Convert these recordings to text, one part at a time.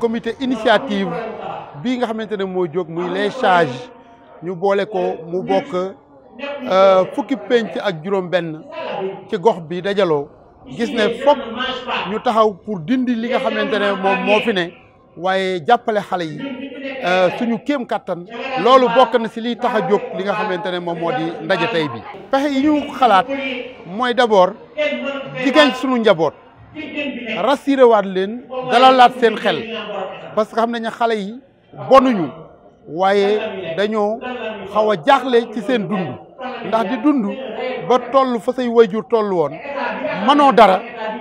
commité initiative bii nga xamante ne moo jóg muy les charges ñu boole ko mu bokk euh, fukki penc ak juróom-benn ci gox bi dajaloo gis ne foog ñu taxaw pour dindi li nga xamante ne moom moo fi ne waaye jàppale xale yi euh, suñu kéem kattan loolu bokk na si liy tax a jóg li nga xamante ne moom moo di ndaje tey bi. pexe yi ñu xalaat mooy d'abord jigéen suñu njaboot. rassuré waat leen dalalaat seen xel parce que xam nañu xale yi bonuñu waaye dañoo xaw a jaaxle ci seen dund ndax di dund ba toll fa say wayjur toll woon mënoo dara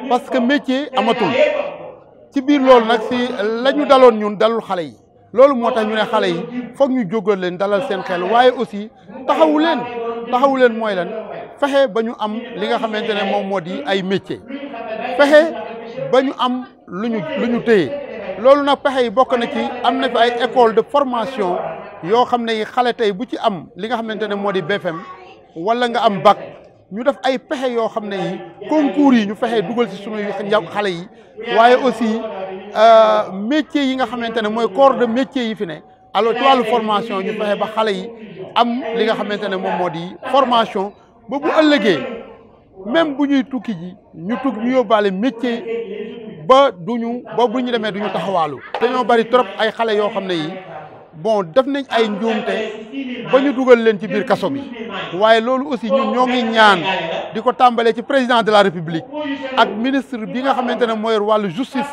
parce que métier amatul ci biir loolu nag si la daloon ñun dalul xale yi loolu moo tax ñu ne xale yi foog ñu jógal leen dalal seen xel waaye aussi taxawu leen taxawu leen mooy lan fexe ba ñu am li nga xamante ne moom moo di ay métier pexe ba ñu am lu ñu lu ñu téye loolu nag pexe yi bokk na ci am na fi ay école de formation yoo xam ne yi xale tey bu ci am li nga xamante ne moo di BFM wala nga am bag ñu def ay pexe yoo xam ne yi concours yi ñu fexe dugal si ci njaw xale yi waaye aussi euh, métier yi nga xamante ne mooy corps de métier yi fi ne alors ci wàllu formation ñu fexe ba xale yi am li nga xamante ne moom moo di formation ba bu ëllëgee même bu ñuy tukki ji ñu tukk ñu yóbbaale métier ba duñu ba bu ñu demee duñu taxawaalu te ñoo bari trop ay xale yoo xam ne yi bon def nañ ay njuumte ba ñu dugal leen ci biir kaso bi waaye loolu aussi ñu ñoo ngi ñaan di ko tàmbalee ci président de la république ak ministre bi nga xamante ne mooy wàllu justice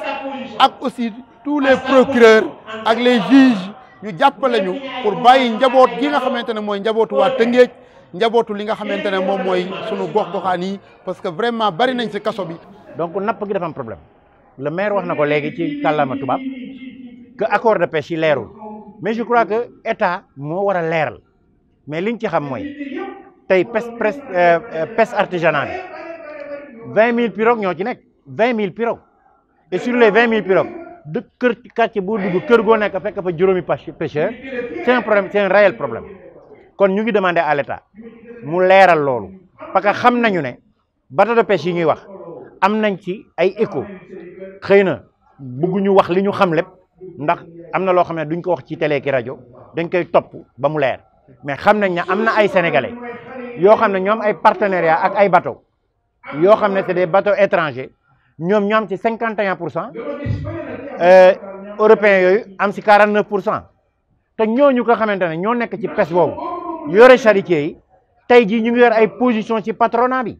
ak aussi tous les procureurs ak le juges ñu jàppale ñu pour bàyyi njaboot gi nga xamante ne mooy njabootu waa Tëngéej njabotu li nga xamantene mom moy suñu gox goxani parce que vraiment bari nañ ci kasso bi. donc nap gi dafa am problème le maire wax na légui ci kàllaama tubaab que accord de pêche yi leerul mais je crois que état mo wara a mais liñ ci xam moy tay pêche pêche euh, pêche artisanale 20000 mille pirogues ñoo ci nekk vingt pirogues et sur les 20000 mille pirogues de ci quartier bo dugg keur go nek fekk fa juromi pêcheur c'est un problème c'est un réel problème kon ñu ngi demander à l'état mu leeral loolu parce que xam nañu ne bateau de pêche yi ñuy wax am nañ ci ay éco xëy na bëgguñu wax li ñu xam lépp ndax am na loo xam ne duñ ko wax ci télé ki rajo dañ koy topp ba mu leer mais xam nañ na am na ay sénégalais yoo xam ne ñoom ay partenariat ak ay bateau yoo xam ne c'est des bateaux étrangers ñoom ñoo am ci cinquante et pour cent euh, européens yooyu am si quarant neuf pour cent te ñoo ñu ko xamante ne ñoo nekk ci pêche boobu yore charité yi. tey jii ñu ngi yor ay position ci patronat bi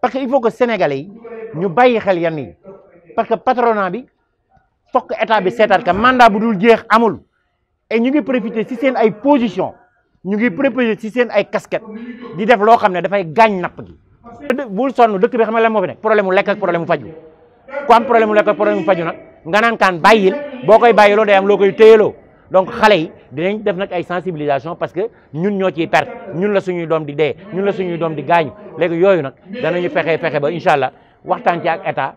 parce que il faut que sénégalais yi ñu bàyyi xel yenn yi parce que patronat bi fokk état bi seetaat ka mandat bu dul jeex amul e ñu ngi profité ci seen ay position ñu ngi profité ci seen ay casquette di def loo xam ne dafay gaañ napp gi. bul sonn dëkk bi xam nga lan moo fi nekk problème mu lekk ak problème faju ku am problème mu lekk faju nag nga naan kaan bàyyil boo koy bàyyiloo day am loo koy téyeloo. donc les yi dinañ def des une sensibilisation parce que nous sommes perte ñun la suñuy doom di nous ñun la suñuy qui di Donc Nous faire des ba